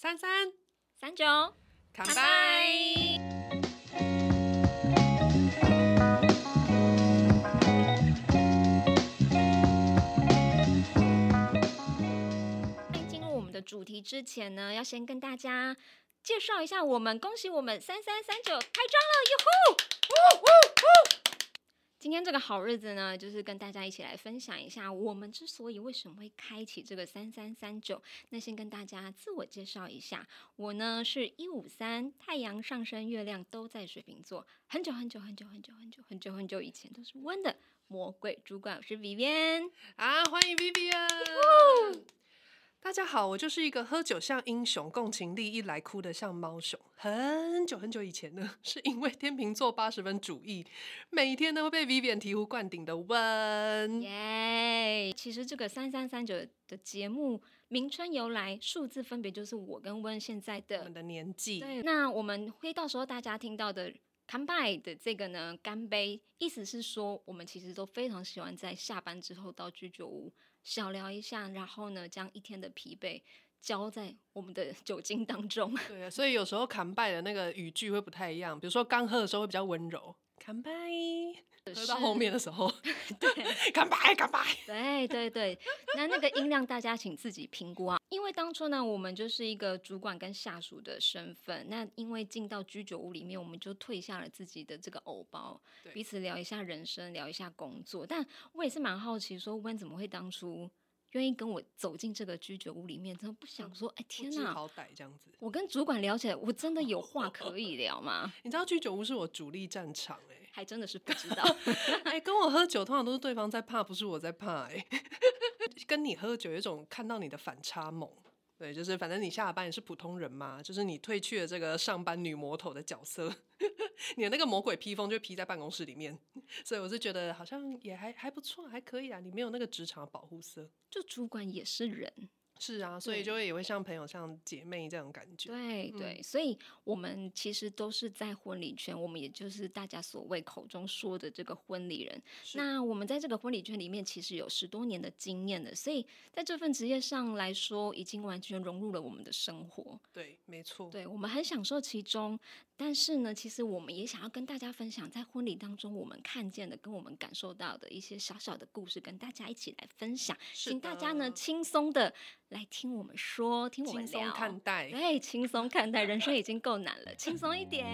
三三三九，拜拜！在進入我們的主題之前呢，要先跟大家介紹一下我們，恭喜我們三三三九開張了！喲吼！ 哦哦哦。今天這個好日子呢，就是跟大家一起來分享一下，我們之所以為什麼會開啟這個三三三九，那先跟大家自我介紹一下，我呢是一五三太陽上升月亮都在水瓶座，很久很久很久很久很久很久很久以前都是溫的魔鬼主管，我是 Vivian 啊，歡迎 Vivian 大家好，我就是一個喝酒像英雄，共情力一來哭的像貓熊。很久很久以前呢，是因為天秤座八十分主義，每天都會被 Vivian 醍醐灌頂的 Wen。耶、yeah，其實這個三三三九的節目名稱由來，數字分別就是我跟溫現在的，的年紀。對，那我們會到時候大家聽到的 come by 的這個呢，乾杯，意思是說我們其實都非常喜歡在下班之後到居酒屋。小聊一下，然後呢，將一天的疲憊澆在我們的酒精當中。對啊，所以有時候乾杯的那個語句會不太一樣，比如說剛喝的時候會比較溫柔。乾杯！喝到後面的時候，對，乾杯，乾杯，對對對。那那個音量，大家請自己評估啊。 因為當初呢，我們就是一個主管跟下屬的身份。那因為進到居酒屋裡面，我們就退下了自己的這個偶包，彼此聊一下人生，聊一下工作。但我也是蠻好奇，說溫怎麼會當初。願意跟我走進這個居酒屋裡面，真的不想說，哎、欸，天哪！我知好歹這樣子，我跟主管聊起來，我真的有話可以聊嗎？ 你知道居酒屋是我主力戰場，欸，哎，還真的是不知道。哎、 欸，跟我喝酒通常都是對方在怕，不是我在怕，欸。哎， 跟你喝酒有種看到你的反差萌。對，就是反正你下了班也是普通人嘛，就是你褪去了這個上班女魔頭的角色， 你的那個魔鬼披風就披在辦公室裡面，所以我是覺得好像也還還不錯，還可以啊。你沒有那個職場保護色，就主管也是人。是啊，所以就會也會像朋友、像姐妹這種感覺。對對、嗯，所以我們其實都是在婚禮圈，我們也就是大家所謂口中說的這個婚禮人。那我們在這個婚禮圈裡面，其實有十多年的經驗的，所以在這份職業上來說，已經完全融入了我們的生活。對，沒錯。對，我們很享受其中，但是呢，其實我們也想要跟大家分享，在婚禮當中我們看見的、跟我們感受到的一些小小的故事，跟大家一起來分享，請大家呢輕鬆的。來聽我們說，聽我們聊，輕鬆看待，對，輕鬆看待 人生已經夠難了，輕鬆一點。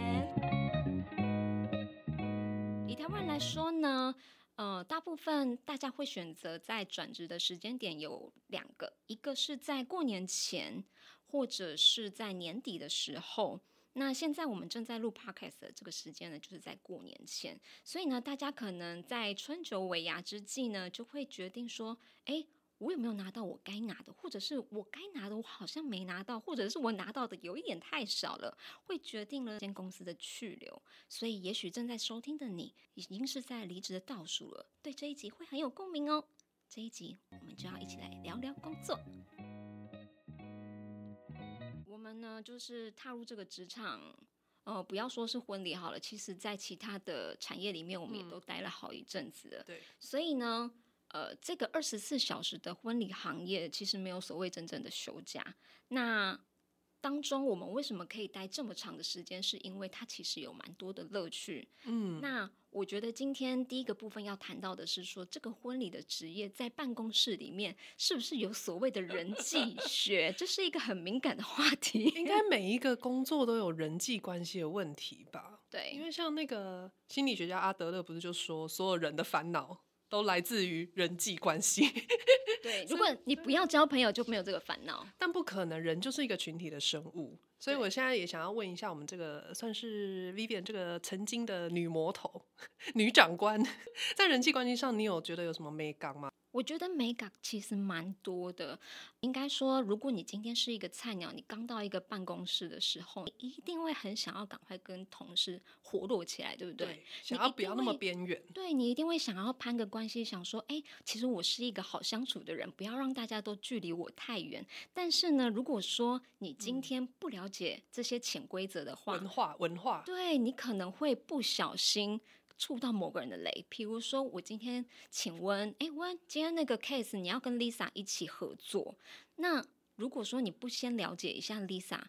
以台灣來說呢，呃，大部分大家會選擇在轉職的時間點有兩個，一個是在過年前，或者是在年底的時候。那現在我們正在錄 Podcast 的這個時間呢，就是在過年前，所以呢，大家可能在春酒尾牙之際呢，就會決定說，哎、欸。我有沒有拿到我該拿的，或者是我該拿的，我好像沒拿到，或者是我拿到的有一點太少了，會決定了這間公司的去留。所以，也許正在收聽的你，已經是在離職的倒數了。對，這一集會很有共鳴哦。這一集我們就要一起來聊聊工作。 我們呢，就是踏入這個職場，呃，不要說是婚禮好了，其實在其他的產業裡面，我們也都待了好一陣子了、嗯。對，所以呢。呃，這個二十四小時的婚禮行業其實沒有所謂真正的休假。那當中我們為什麼可以待這麼長的時間？是因為它其實有蠻多的樂趣。嗯，那我覺得今天第一個部分要談到的是說，這個婚禮的職業在辦公室裡面是不是有所謂的人際學？ 這是一個很敏感的話題。應該每一個工作都有人際關係的問題吧？對，因為像那個心理學家阿德勒不是就說所有人的煩惱。都來自於人際關係。對， 如果你不要交朋友，就沒有這個煩惱。但不可能，人就是一個群體的生物。所以我現在也想要問一下我們這個算是 Vivian 這個曾經的女魔頭、女長官，在人際關係上，你有覺得有什麼眉角嗎？我覺得眉角其實蠻多的。應該說，如果你今天是一個菜鳥，你剛到一個辦公室的時候，你一定會很想要趕快跟同事活絡起來，對不對？對，想要不要那麼邊緣？對，你一定會想要攀個關係，想說，誒，其實我是一個好相處的人，不要讓大家都距離我太遠。但是呢，如果說你今天不了解這些潛規則的話，文化文化，對，你可能會不小心，觸到某個人的雷，譬如說，我今天請問，哎，我今天那個 case，你要跟 Lisa 一起合作，那如果說你不先了解一下 Lisa。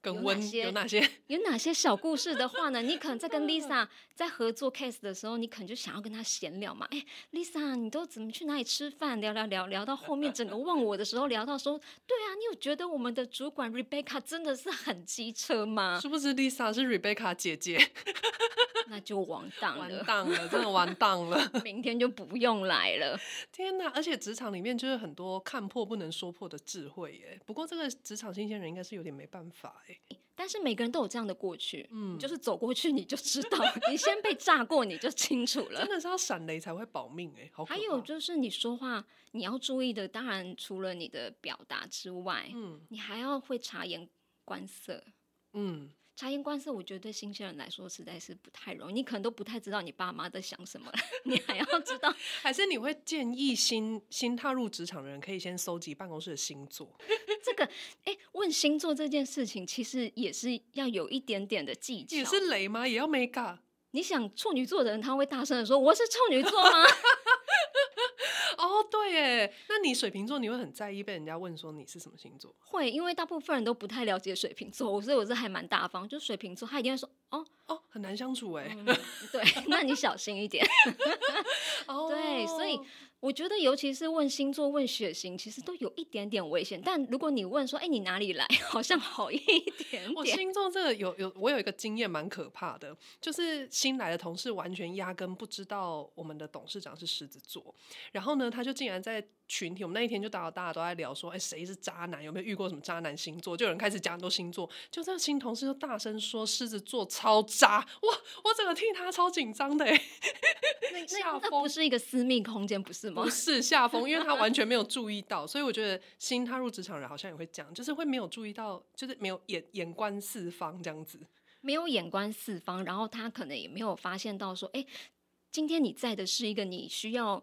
跟溫，有哪些？有哪些， 有哪些小故事的話呢？你可能在跟 Lisa 在合作 case 的時候，你可能就想要跟她閒聊嘛。哎、欸、，Lisa，你都怎麼去哪裡吃飯？聊聊聊聊到後面整個忘我的時候，聊到說，對啊，你有覺得我們的主管 Rebecca 真的是很機車嗎？是不是 Lisa 是 Rebecca 姐姐， 那就完蛋了，完蛋了，真的完蛋了。 明天就不用來了。天哪！而且職場裡面就是很多看破不能說破的智慧耶。不過這個職場新鮮人應該是有點沒辦法。但是每個人都有這樣的過去，嗯，就是走過去你就知道， 你先被炸過你就清楚了，真的是要閃雷才會保命。哎、欸，好可怕，還有就是你說話你要注意的，當然除了你的表達之外，嗯，你還要會察言觀色，嗯。察言觀色，我覺得對新鮮人來說實在是不太容易，你可能都不太知道你爸媽在想什麼，你還要知道， 還是你會建議新新踏入職場的人可以先搜集辦公室的星座？這個，欸、問星座這件事情其實也是要有一點點的技巧。也是雷嗎？也要 m e 你想處女座的人，他會大聲的說：“我是處女座嗎？” 哦、對耶，那你水瓶座，你會很在意被人家問說你是什麼星座？會，因為大部分人都不太了解水瓶座，所以我是還蠻大方。就水瓶座，他一定會說，哦哦，很難相處哎、嗯，對，那你小心一點。 oh. 對，所以。我覺得，尤其是問星座、問血型，其實都有一點點危險。但如果你問說：“哎，你哪裡來？”好像好一點點。 我星座這個有有，我有一個經驗蠻可怕的，就是新來的同事完全壓根不知道我們的董事長是獅子座，然後呢，他就竟然在。群體，我們那一天就大家大家都在聊說，哎、欸，誰是渣男？有沒有遇過什麼渣男星座？就有人開始講很多星座，就這個新同事就大聲說獅子座超渣，哇，我我真的替他超緊張的。那下風那那，那不是一個私密空間不是嗎？不是夏風，因為他完全沒有注意到，Uh-huh. 所以我覺得新踏入職場人好像也會講，就是會沒有注意到，就是沒有眼眼觀四方這樣子，沒有眼觀四方，然後他可能也沒有發現到說，哎、欸，今天你在的是一個你需要。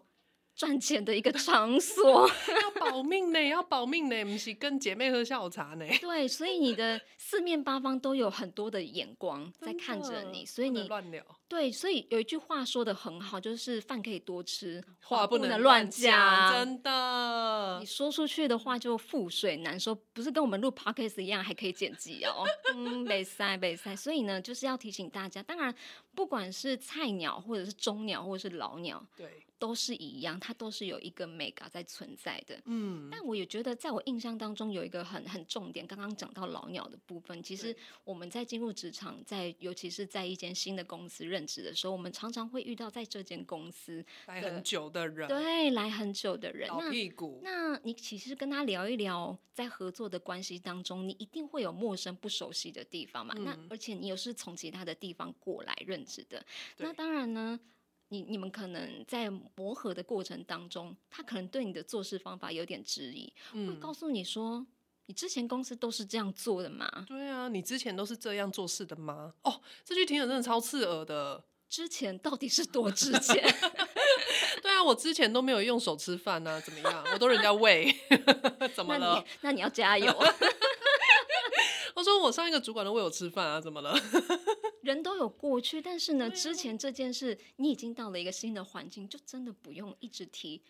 賺錢的一個場所， 要保命呢， 要保命呢，不是跟姐妹喝下午茶呢。對，所以你的四面八方都有很多的眼光在看着你，所以你亂聊。對，所以有一句話說得很好，就是飯可以多吃，話不能亂加。啊、亂加真的，你說出去的話就覆水難收，不是跟我們錄 podcast 一樣還可以剪輯哦。 嗯，沒塞沒塞，所以呢，就是要提醒大家，當然不管是菜鳥或者是中鳥或者是老鳥，對。都是一樣，它都是有一個美感在存在的。嗯，但我也覺得，在我印象當中，有一個很很重點。剛剛講到老鳥的部分，其實我們在進入職場在，在尤其是在一間新的公司任職的時候，我們常常會遇到在這間公司的來很久的人，對，來很久的人。老屁股。那那你其實跟他聊一聊，在合作的關係當中，你一定會有陌生不熟悉的地方嘛？嗯、那而且你又是從其他的地方過來任職的，那當然呢。你你們可能在磨合的過程當中，他可能對你的做事方法有點質疑，嗯、我會告訴你說：“你之前公司都是這樣做的嗎？”對啊，你之前都是這樣做事的嗎？哦，這句提問真的超刺耳的。之前到底是多之前？ 對啊，我之前都沒有用手吃飯呢、啊，怎麼樣？我都人家餵， 怎麼了？那你，那你要加油。 說我上一個主管都餵我吃飯啊，怎麼了？ 人都有過去，但是呢，啊、之前這件事，你已經到了一個新的環境，就真的不用一直提。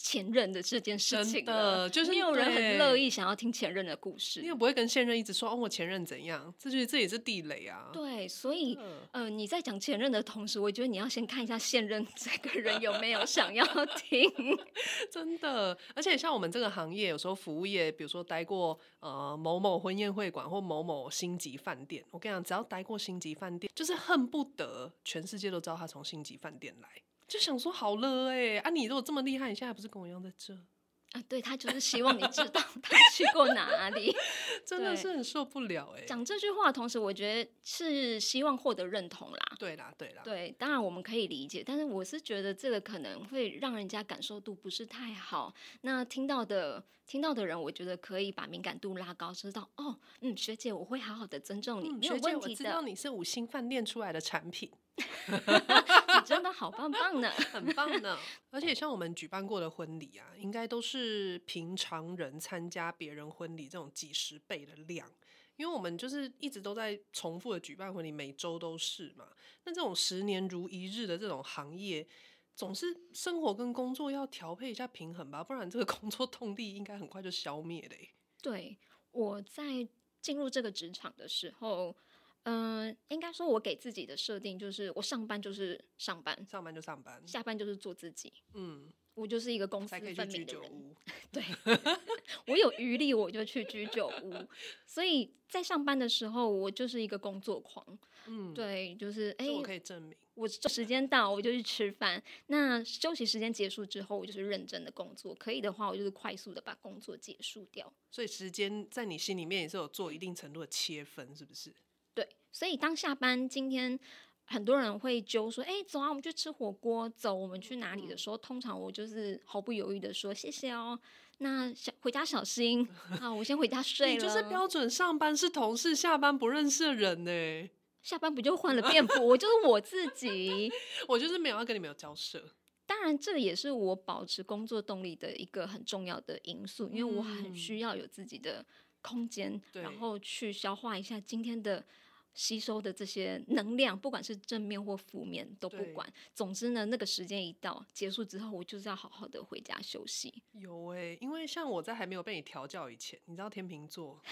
前任的這件事情，真的就是沒有人很樂意想要聽前任的故事。你也不會跟現任一直說，哦，我前任怎樣，這是這也是地雷啊。對，所以、嗯，呃，你在講前任的同時，我覺得你要先看一下現任這個人有沒有想要聽， 真的。而且，像我們這個行業，有時候服務業，比如說待過、呃、某某婚宴會館或某某星級飯店，我跟你講，只要待過星級飯店，就是恨不得全世界都知道他從星級飯店來。就想說好了哎、欸，啊！你如果這麼厲害，你現在還不是跟我一樣在這？啊，對，他就是希望你知道他去過哪裡， 真的是很受不了哎、欸。講這句話的同時，我覺得是希望獲得認同啦。對啦，對啦。對，當然我們可以理解，但是我是覺得這個可能會讓人家感受度不是太好。那聽到的。聽到的人，我覺得可以把敏感度拉高，知道哦，嗯，學姐，我會好好的尊重你，嗯、學姐沒有問題的。我知道你是五星飯店出來的產品， 你真的好棒棒呢，很棒呢。而且像我們舉辦過的婚禮啊，應該都是平常人參加別人婚禮這種幾十倍的量，因為我們就是一直都在重複的舉辦婚禮，每週都是嘛。那這種十年如一日的這種行業。總是生活跟工作要調配一下平衡吧，不然這個工作動力應該很快就消滅嘞、欸。對，我在進入這個職場的時候，嗯、呃，應該說我給自己的設定就是，我上班就是上班，上班就上班，下班就是做自己。嗯，我就是一個公私分明的人。還可以去居酒屋。 對，我有餘力我就去居酒屋， 所以在上班的時候我就是一個工作狂。嗯，對，就是哎，欸、我可以證明。我時間到，我就去吃飯。那休息時間結束之後，我就是認真的工作。可以的話，我就是快速的把工作結束掉。所以時間在你心裡面也是有做一定程度的切分，是不是？對，所以當下班，今天很多人會揪說：“哎、欸，走啊，我們去吃火鍋，走，我們去哪裡的時候，嗯、通常我就是毫不猶豫的說：謝謝哦。那小回家小心，啊，我先回家睡了 你就是標準上班是同事，下班不認識的人呢？下班不就換了便服？ 我就是我自己， 我就是沒有要跟你們沒有交涉。當然，這也是我保持工作動力的一個很重要的因素，嗯、因為我很需要有自己的空間，然後去消化一下今天的。吸收的這些能量，不管是正面或負面都不管。總之呢，那個時間一到結束之後，我就是要好好的回家休息。有欸，因為像我在還沒有被你調教以前，你知道天秤座，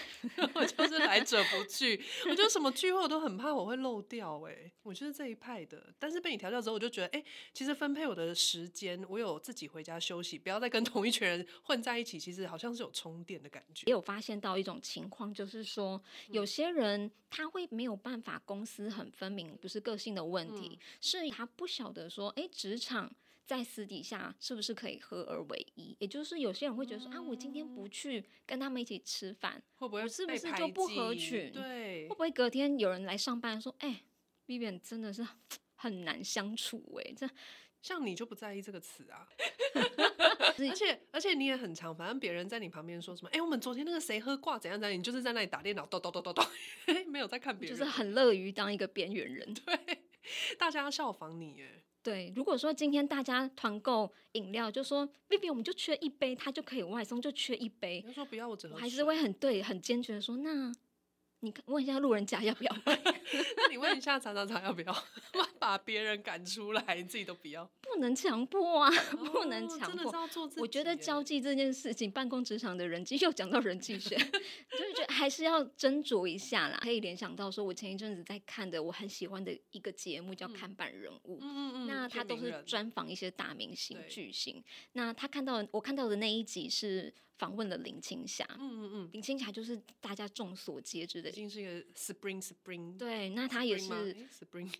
我 就是來者不拒。 我就什麼聚會我都很怕，我會漏掉欸。我就是這一派的，但是被你調教之後，我就覺得欸，其實分配我的時間，我有自己回家休息，不要再跟同一群人混在一起。其實好像是有充電的感覺。也有發現到一種情況，就是說有些人他會沒有。辦法，公私很分明，不是個性的問題，嗯、是他不曉得說，哎、欸，職場在私底下是不是可以合而為一？也就是有些人會覺得說、嗯，啊，我今天不去跟他們一起吃飯，會不會是不是就不合群？對，會不會隔天有人來上班說，哎、欸、，Vivian 真的是很難相處、欸，哎，這。像你就不在意這個詞啊， 而且而且你也很常，反正別人在你旁邊說什麼，哎、欸，我們昨天那個誰喝掛怎樣在你就是在那裡打電腦，叨叨叨叨咚，咚，咚，咚，咚，沒有在看別人，就是很樂於當一個邊緣人，對，大家要效仿你哎。對，如果說今天大家團購飲料，就說，Vivian，我們就缺一杯，他就可以外送，我就缺一杯。你說不要，我只能，我還是會很對，很堅決的說，那你看，問一下路人甲要不要買 那你問一下常常常要不要把別人趕出來？你自己都不要， 不能強迫啊，不能強迫、oh, 真的是要做自己。我覺得交際這件事情，辦公職場的人際又講到人際學， 就是覺得還是要斟酌一下啦。 可以聯想到說，我前一陣子在看的，我很喜歡的一個節目、嗯、叫《看板人物》嗯，嗯嗯，那他都是專訪一些大明星巨星。那他看到我看到的那一集是訪問了林青霞，嗯嗯嗯，林青霞就是大家眾所皆知的，已經是一個 Spring Spring 對。哎、欸，那他也是，不靈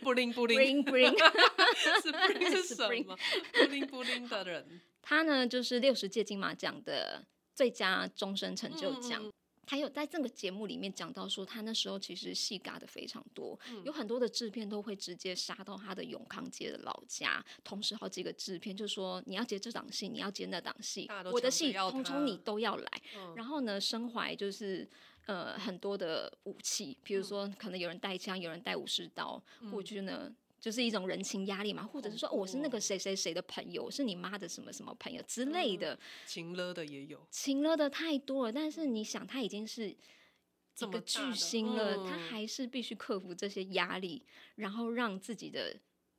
不靈，不靈不靈，哈哈哈哈哈哈！是什麼？不靈不靈的人。他呢，就是六十屆金馬獎的最佳終身成就獎，嗯。他有在這個節目裡面講到說，他那時候其實戲咖的非常多，嗯，有很多的制片都會直接殺到他的永康街的老家，同時好幾個制片就說，你要接這檔戲，你要接那檔戲，我的戲通通你都要來，嗯。然後呢，身懷就是。呃，很多的武器，比如說可能有人帶槍、嗯，有人帶武士刀，或者呢、嗯，就是一種人情壓力嘛，或者是說我、哦、是那個誰誰誰的朋友，是你媽的什麼什麼朋友之類的，嗯、情勒的也有，情勒的太多了。但是你想，他已經是一個巨星了，嗯、他還是必須克服這些壓力，然後讓自己的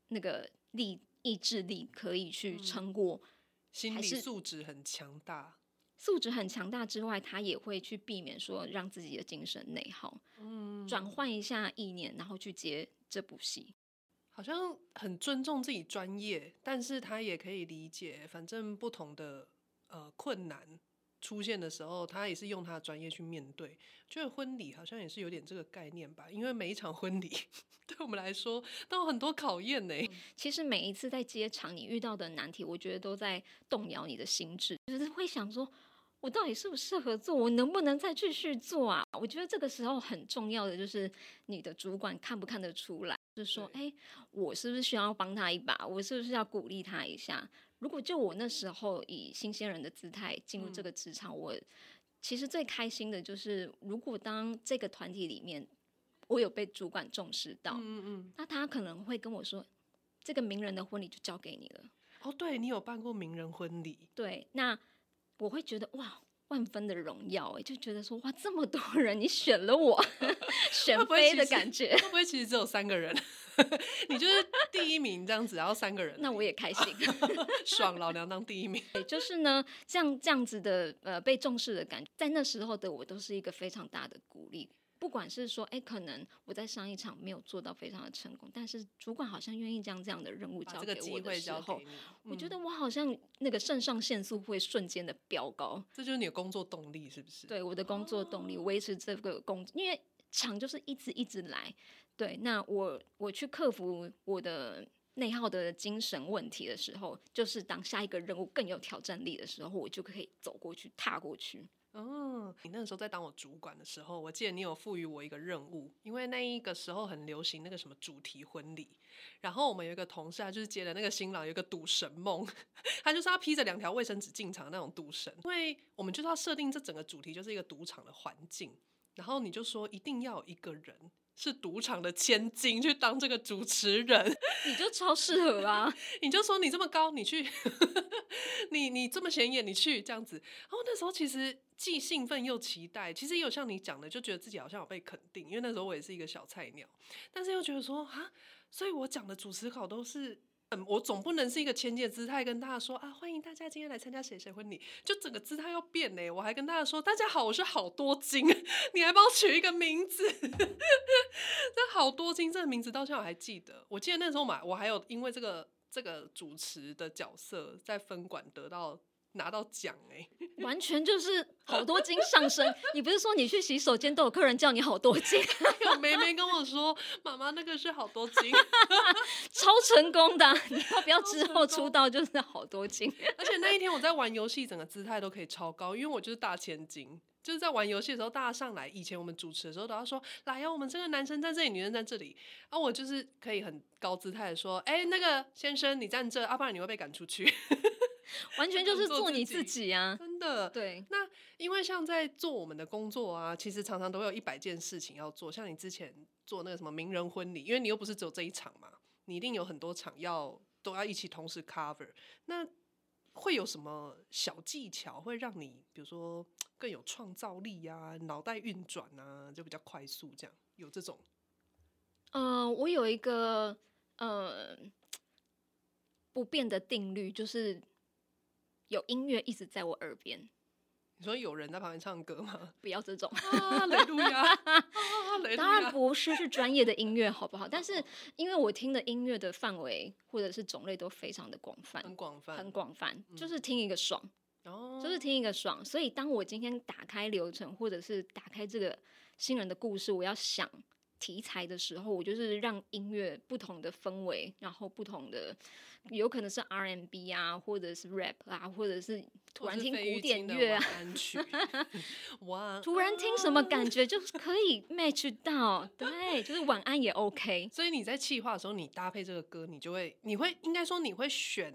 那個力意志力可以去撐過、嗯，心理素質很強大。素質很強大之外，他也會去避免說讓自己的精神內耗，嗯，轉換一下意念，然後去接這部戲，好像很尊重自己專業，但是他也可以理解，反正不同的呃困難出現的時候，他也是用他的專業去面對。就是婚禮好像也是有點這個概念吧，因為每一場婚禮對我們來說都有很多考驗呢、欸嗯。其實每一次在接場你遇到的難題，我覺得都在動搖你的心智，就是會想說。我到底適不適合做？我能不能再繼續做啊？我覺得這個時候很重要的就是你的主管看不看得出來，就是說，哎、欸，我是不是需要幫他一把？我是不是要鼓勵他一下？如果就我那時候以新鮮人的姿態進入這個職場、嗯，我其實最開心的就是，如果當這個團體裡面我有被主管重視到，嗯嗯，那他可能會跟我說，這個名人的婚禮就交給你了。哦，對，你有辦過名人婚禮？對，那。我會覺得哇，萬分的榮耀哎，就覺得說哇，這麼多人你選了我，選妃的感覺。會不會其實，會不會其實只有三個人？ 你就是第一名這樣子，然後三個人。 那我也開心， 爽，老娘當第一名。也就是呢，像這樣子的呃被重視的感覺，在那時候的我都是一個非常大的鼓勵。不管是說，誒、欸，可能我在上一場沒有做到非常的成功，但是主管好像願意將這樣的任務交給我的時候，嗯、我覺得我好像那個腎上腺素會瞬間的飆高。這就是你的工作動力，是不是？對，我的工作動力維持這個工作，哦，因為場就是一直一直來。對，那我我去克服我的內耗的精神問題的時候，就是當下一個任務更有挑戰力的時候，我就可以走過去踏過去。哦、oh，你那個時候在當我主管的時候，我記得你有賦予我一個任務，因為那一個時候很流行那個什麼主題婚禮，然後我們有一個同事、啊，他就是接的那個新郎有一個，有個賭神夢，他就是要披着兩條衛生紙進場那種賭神，因為我們就是要設定這整個主題就是一個賭場的環境，然後你就說一定要有一個人。是賭場的千金去當這個主持人，你就超適合啊！ 你就說你這麼高，你去， 你你這麼顯眼，你去這樣子。然後那時候其實既興奮又期待，其實也有像你講的，就覺得自己好像有被肯定，因為那時候我也是一個小菜鳥，但是又覺得說啊，所以我講的主持稿都是。我總不能是一個前進的姿態跟大家說啊，歡迎大家今天來參加誰誰婚禮，就整個姿態要變呢、欸。我還跟大家說，大家好，我是好多金，你還幫我取一個名字，這 好多金這個名字到現在我還記得。我記得那時候嘛，我還有因為這個這個主持的角色在分管得到。拿到獎哎、欸，完全就是好多金上身。 你不是說你去洗手間都有客人叫你好多金？ 有妹妹跟我說，媽媽那個是好多金， 超成功的。你要不要之後出道就是好多金？而且那一天我在玩遊戲，整個姿態都可以超高，因為我就是大千金，就是在玩遊戲的時候大家上來。以前我們主持的時候都要說，來呀、啊，我們這個男生在這裡，女生在這裡。然、啊、後我就是可以很高姿態說，哎、欸，那個先生你站這兒，要、啊、不然你會被趕出去。完全就是做你自己啊！ 真的，對。那因為像在做我們的工作啊，其實常常都會有一百件事情要做。像你之前做那個什麼名人婚禮，因為你又不是只有這一場嘛，你一定有很多場要都要一起同時 cover。那會有什麼小技巧會讓你，比如說更有創造力呀、啊，腦袋運轉啊，就比較快速這樣？有這種？嗯、呃，我有一個呃不變的定律，就是。有音樂一直在我耳邊。你說有人在旁邊唱歌嗎？不要這種、 啊， 當然不是，是專業的音樂，好不好？ 但是因為我聽的音樂的範圍或者是種類都非常的廣泛，很廣泛，很廣泛，就是聽一個爽、嗯，就是聽一個爽。所以當我今天打開流程，或者是打開這個新人的故事，我要想。題材的時候，我就是讓音樂不同的氛圍，然後不同的，有可能是 R&B 啊，或者是 rap 啊，或者是突然聽古典樂啊安曲， 哇，突然聽什麼感覺就可以 match 到， 對，就是晚安也 OK。所以你在企劃的時候，你搭配這個歌，你就會，你會應該說你會選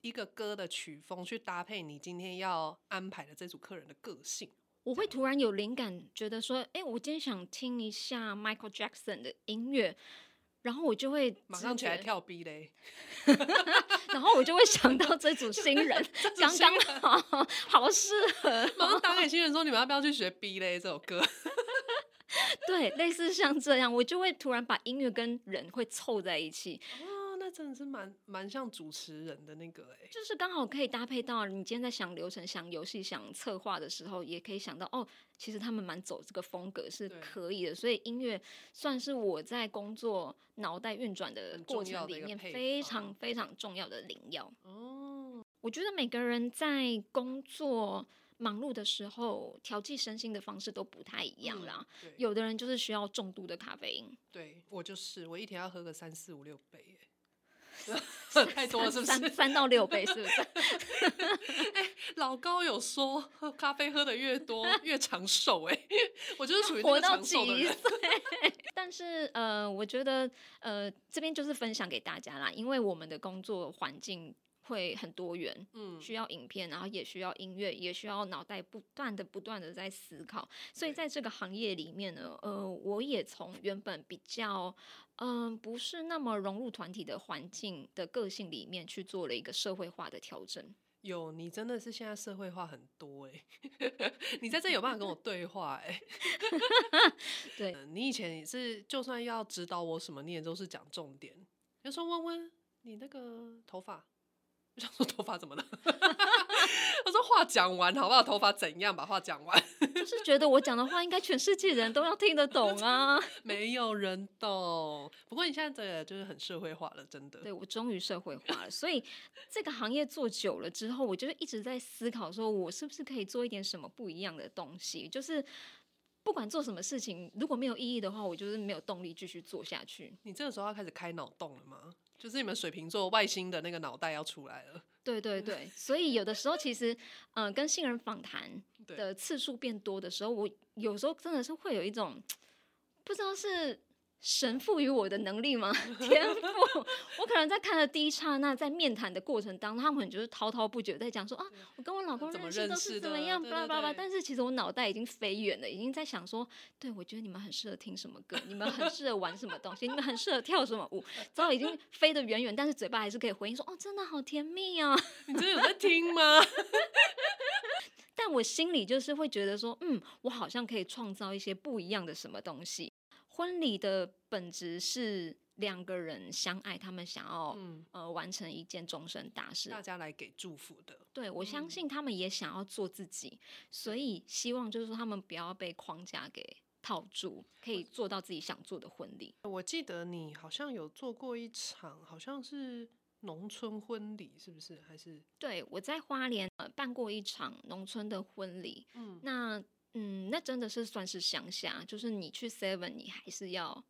一個歌的曲風去搭配你今天要安排的這組客人的個性。我會突然有靈感，覺得說，哎，我今天想聽一下 Michael Jackson 的音樂，然後我就會馬上起來跳 B 然後我就會想到這組新人， 新人剛剛好，好適合哦。馬上打給新人說，你們要不要去學 B 噠這首歌？ 對，類似像這樣，我就會突然把音樂跟人會湊在一起。這真的是蠻蠻像主持人的那個哎、欸，就是剛好可以搭配到你今天在想流程、嗯、想遊戲、想策劃的時候，也可以想到哦，其實他們蠻走這個風格是可以的。所以音樂算是我在工作腦袋運轉的過程裡面非常非常重要的靈藥哦。我覺得每個人在工作忙碌的時候調劑身心的方式都不太一樣啦。嗯、有的人就是需要重度的咖啡因，對，我就是我一天要喝個三四五六杯、欸。 太多了，是不是？三,三,三到六倍，是不是？哎、， 欸，老高有說喝咖啡喝得越多越長壽、欸，哎， 我就是屬於 活到幾歲？ 但是呃，我覺得呃，這邊就是分享給大家啦，因為我們的工作環境。會很多元，嗯，需要影片，然後也需要音樂，也需要腦袋不斷的、不斷的在思考。所以在這個行業裡面呢，呃，我也從原本比較，嗯、呃，不是那麼融入團體的環境的個性裡面去做了一個社會化的調整。有你真的是現在社會化很多哎、欸， 你在這有辦法跟我對話哎、欸？ 對、呃，你以前也是，就算要指導我什麼，你也都是講重點。比如說溫溫，你那個頭髮。我說頭髮怎麼了？他說，話講完好不好？頭髮怎樣？把話講完， 就是覺得我講的話應該全世界人都要聽得懂啊。 沒有人懂。不過你現在真的就是很社會化了，真的。對，我終於社會化了，所以這個行業做久了之後，我就一直在思考，說我是不是可以做一點什麼不一樣的東西。就是不管做什麼事情，如果沒有意義的話，我就是沒有動力繼續做下去。你這個時候要開始開腦洞了嗎？就是你們水瓶座外星的那個腦袋要出來了，對對對，所以有的時候其實，嗯、呃，跟新人訪談的次數變多的時候，我有時候真的是會有一種不知道是。神賦予我的能力嗎？天賦。我可能在看了第一剎那，在面談的過程當中，他們可能就是滔滔不絕在講說啊，我跟我老公認識都是怎麼樣，巴拉巴拉。對對對 blah blah blah, 但是其實我腦袋已經飛遠了，已經在想說，對，我覺得你們很適合聽什麼歌，你們很適合玩什麼東西， 你們很適合跳什麼舞，早已經飛得遠遠，但是嘴巴還是可以回應說，哦，真的好甜蜜啊，哦！你真的有在聽嗎？ 但我心裡就是會覺得說，嗯，我好像可以創造一些不一樣的什麼東西。婚禮的本質是兩個人相愛，他們想要、嗯、呃完成一件終身大事。大家來給祝福的。對，我相信他們也想要做自己、嗯，所以希望就是說他們不要被框架給套住，可以做到自己想做的婚禮。我記得你好像有做過一場，好像是農村婚禮，是不是？還是？對，我在花蓮辦過一場農村的婚禮。嗯，那。嗯，那真的是算是鄉下，就是你去 Seven，你還是要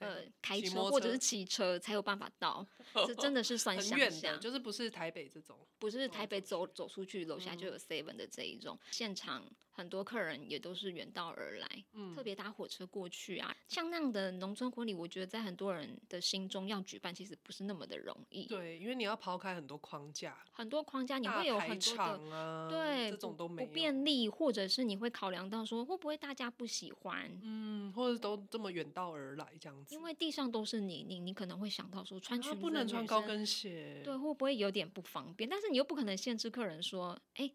呃開車或者是騎車才有辦法到，這真的是算鄉下，就是不是台北這種，不是台北走、哦、走出去樓下就有 Seven 的這一種現場。很多客人也都是遠道而來，嗯，特別搭火車過去啊。像那樣的農村婚禮，我覺得在很多人的心中，要舉辦其實不是那麼的容易。對，因為你要拋開很多框架，很多框架你會有很多啊，對，這種都沒不不便利，或者是你會考量到說會不會大家不喜歡，嗯，或者都這麼遠道而來這樣子。因為地上都是泥濘，你可能會想到說穿裙子不能穿高跟鞋，對，會不會有點不方便？但是你又不可能限制客人說，哎、欸。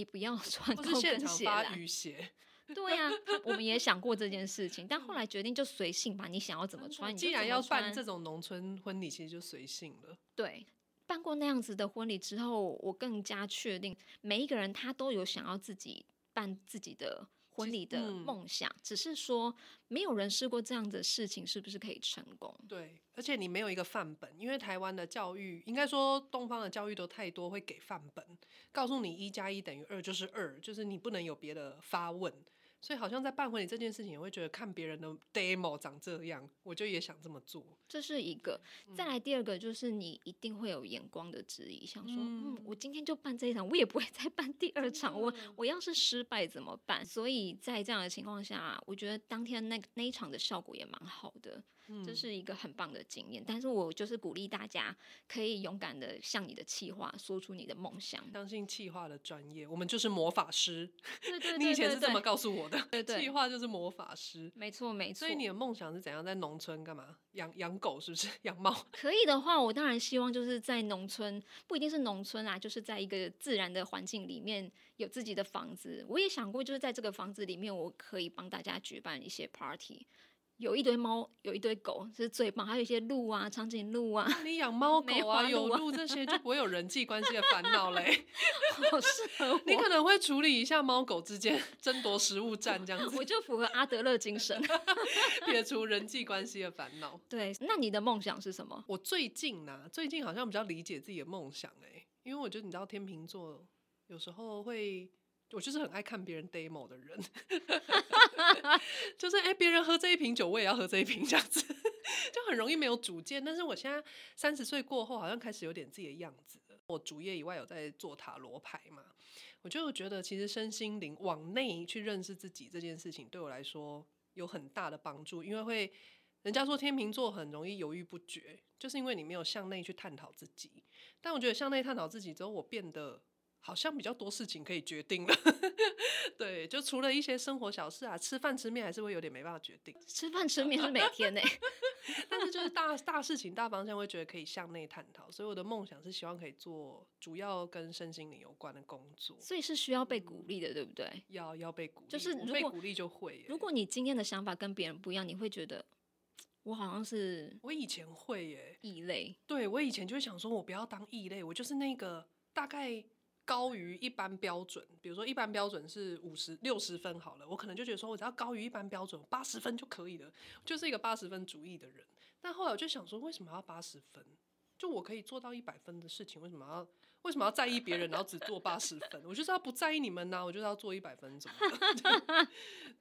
你不要穿高跟鞋，啊，雨鞋。對呀，啊，我們也想過這件事情， 但後來決定就隨性吧。你想要怎麼穿，你既然要辦這種農村婚禮，其實就隨性了。對，辦過那樣子的婚禮之後，我更加確定每一個人他都有想要自己辦自己的。你的夢想、嗯，只是說沒有人試過這樣的事情，是不是可以成功？對，而且你沒有一個範本，因為台灣的教育，應該說東方的教育都太多會給範本，告訴你一加一等於二就是二，就是你不能有別的發問。所以好像在辦婚禮這件事情，也會覺得看別人的 demo 長這樣，我就也想這麼做。這是一個，再來第二個就是你一定會有眼光的質疑，嗯，想說，嗯，我今天就辦這一場，我也不會再辦第二場。嗯、我我要是失敗怎麼辦？所以在這樣的情況下，我覺得當天那那一場的效果也蠻好的。這是一個很棒的經驗，但是我就是鼓勵大家可以勇敢的向你的企劃說出你的夢想，相信企劃的專業，我們就是魔法師。 你以前是這麼告訴我的，對對對對對。對對，企劃就是魔法師，沒錯沒錯。所以你的夢想是怎樣？在農村幹嘛？養養狗是不是？養貓？可以的話，我當然希望就是在農村，不一定是農村啦，就是在一個自然的環境裡面有自己的房子。我也想過，就是在這個房子裡面，我可以幫大家舉辦一些 party。有一堆貓，有一堆狗，就是最棒，還有一些鹿啊、長頸鹿啊。你養貓狗啊，啊，啊，有鹿這些就不會有人際關係的煩惱嘞。 好適合我。你可能會處理一下貓狗之間爭奪食物戰這樣子。 我就符合阿德勒精神，撇 除人際關係的煩惱。對，那你的夢想是什麼？我最近呢、啊，最近好像比較理解自己的夢想、欸、因為我覺得你知道天秤座有時候會。我就是很愛看別人 demo 的人 就是，欸，別人喝這一瓶酒，我也要喝這一瓶，這樣子 就很容易沒有主見。但是我現在三十歲過後，好像開始有點自己的樣子了。我主業以外有在做塔羅牌嘛，我就覺得其實身心靈往內去認識自己這件事情，對我來說有很大的幫助，因為會人家說天秤座很容易猶豫不決，就是因為你沒有向內去探討自己。但我覺得向內探討自己之後，我變得。好像比較多事情可以決定了， 對，就除了一些生活小事啊，吃飯吃麵還是會有點沒辦法決定。吃飯吃麵是每天呢、欸， 但是就是大大事情大方向，會覺得可以向內探討。所以我的夢想是希望可以做主要跟身心靈有關的工作。所以是需要被鼓勵的，對不對？要要被鼓勵，就是如果被鼓勵就會、欸。如果你今天的想法跟別人不一樣，你會覺得我好像是異類。我以前會耶。對，我以前就會想說，我不要當異類，我就是那個大概。高於一般標準，比如說一般標準是五十六十分好了，我可能就覺得說我只要高於一般標準八十分就可以了，就是一個八十分主義的人。但後來我就想說，為什麼要八十分？就我可以做到一百分的事情，為什麼要為什麼要在意別人，然後只做八十分？ 我就是要不在意你們呢、啊，我就是要做一百分，怎麼？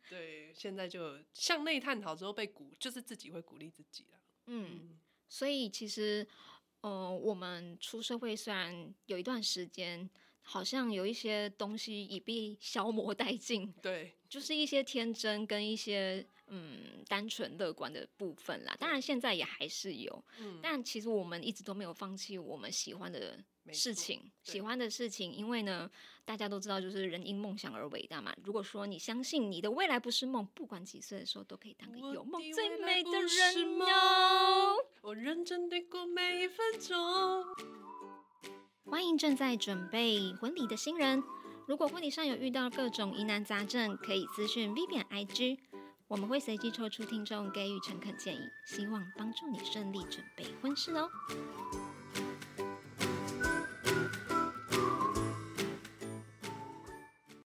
對，現在就向內探討之後被鼓，就是自己會鼓勵自己啦嗯。嗯，所以其實，呃，我們出社會雖然有一段時間。好像有一些東西已被消磨殆盡，對，就是一些天真跟一些嗯單純樂觀的部分啦。當然現在也還是有、嗯，但其實我們一直都沒有放棄我們喜歡的事情，喜歡的事情，因為呢，大家都知道，就是人因夢想而偉大嘛。如果說你相信你的未來不是夢，不管幾歲的時候都可以當個有夢最美的人喲。我的未來不是夢，我認真的過每一分鐘。歡迎正在準備婚禮的新人。如果婚禮上有遇到各種疑難雜症，可以私訊 Vivian IG，我們會隨機抽出聽眾給予誠懇建議，希望幫助你順利準備婚事哦。